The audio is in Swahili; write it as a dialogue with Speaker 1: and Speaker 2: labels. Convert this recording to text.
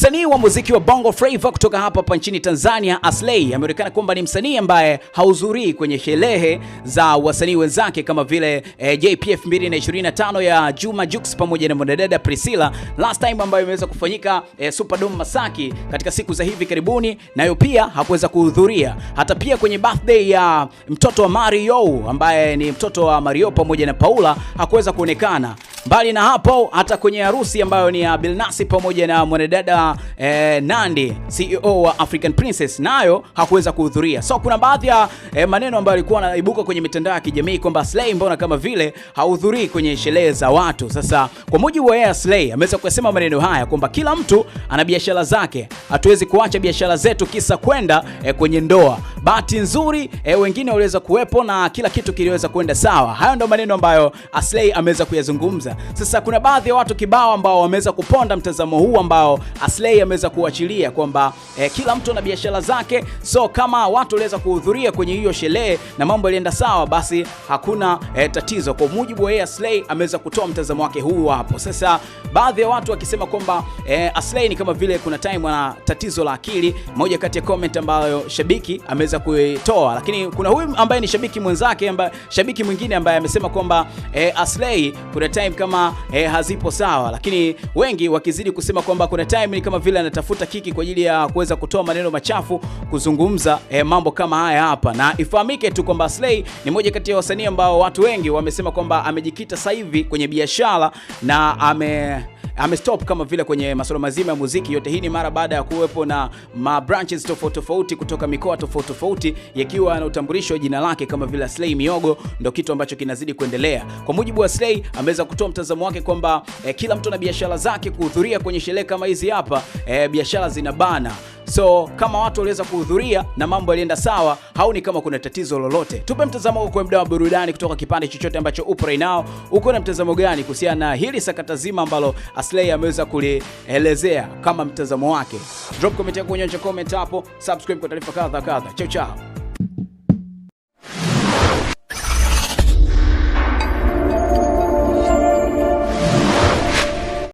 Speaker 1: Msanii wa muziki wa Bongo Flava kutoka hapa hapa nchini Tanzania, Aslay ameonekana kwamba ni msanii ambaye hahudhurii kwenye sherehe za wasanii wenzake kama vile eh, JPF 2025 ya Juma Jux pamoja na mwanadada Priscilla last time ambayo imeweza kufanyika eh, Superdome Masaki katika siku za hivi karibuni, nayo pia hakuweza kuhudhuria. Hata pia kwenye birthday ya mtoto wa Mario ambaye ni mtoto wa Mario pamoja na Paula hakuweza kuonekana. Mbali na hapo, hata kwenye harusi ambayo ni ya bilnasi pamoja na mwanadada eh, Nandi CEO wa African Princess, nayo hakuweza kuhudhuria. So kuna baadhi ya eh, maneno ambayo alikuwa anaibuka kwenye mitandao ya kijamii kwamba Slay mbona kama vile hahudhurii kwenye sherehe za watu. Sasa kwa mujibu wa yeye, Slay ameweza kusema maneno haya kwamba kila mtu ana biashara zake, hatuwezi kuacha biashara zetu kisa kwenda eh, kwenye ndoa. Bahati nzuri eh, wengine waliweza kuwepo na kila kitu kiliweza kwenda sawa. Hayo ndio maneno ambayo Slay ameweza kuyazungumza kabisa. Sasa kuna baadhi ya watu kibao ambao wameweza kuponda mtazamo huu ambao Aslay ameweza kuachilia kwamba eh, kila mtu ana biashara zake, so kama watu waliweza kuhudhuria kwenye hiyo sherehe na mambo yalienda sawa, basi hakuna eh, tatizo. Kwa mujibu wa yeye Aslay ameweza kutoa mtazamo wake huu hapo. Sasa baadhi ya watu wakisema kwamba eh, Aslay ni kama vile kuna time ana tatizo la akili, moja kati ya comment ambayo shabiki ameweza kuitoa, lakini kuna huyu ambaye ni shabiki mwenzake ambaye shabiki mwingine ambaye amesema kwamba eh, Aslay kuna time kama eh, hazipo sawa, lakini wengi wakizidi kusema kwamba kuna time ni kama vile anatafuta kiki kwa ajili ya kuweza kutoa maneno machafu kuzungumza eh, mambo kama haya hapa, na ifahamike tu kwamba Slay ni moja kati ya wasanii ambao watu wengi wamesema kwamba amejikita sasa hivi kwenye biashara na ame amestop kama vile kwenye masuala mazima ya muziki. Yote hii ni mara baada ya kuwepo na ma branches tofauti tofauti kutoka mikoa tofauti tofauti, yakiwa na utambulisho jina lake kama vile Slay Miogo, ndio kitu ambacho kinazidi kuendelea. Kwa mujibu wa Slay, ameweza kutoa mtazamo wake kwamba eh, kila mtu na biashara zake. Kuhudhuria kwenye sherehe kama hizi hapa eh, biashara zinabana So kama watu waliweza kuhudhuria na mambo yalienda sawa, hauni kama kuna tatizo lolote. Tupe mtazamo wako kwa mda wa burudani kutoka kipande chochote ambacho upo right now. Uko na mtazamo gani kuhusiana na hili sakata zima ambalo asley ameweza kulielezea kama mtazamo wake? Drop comment yako kwenye comment hapo, subscribe kwa taarifa kadha kadha. Chao chao.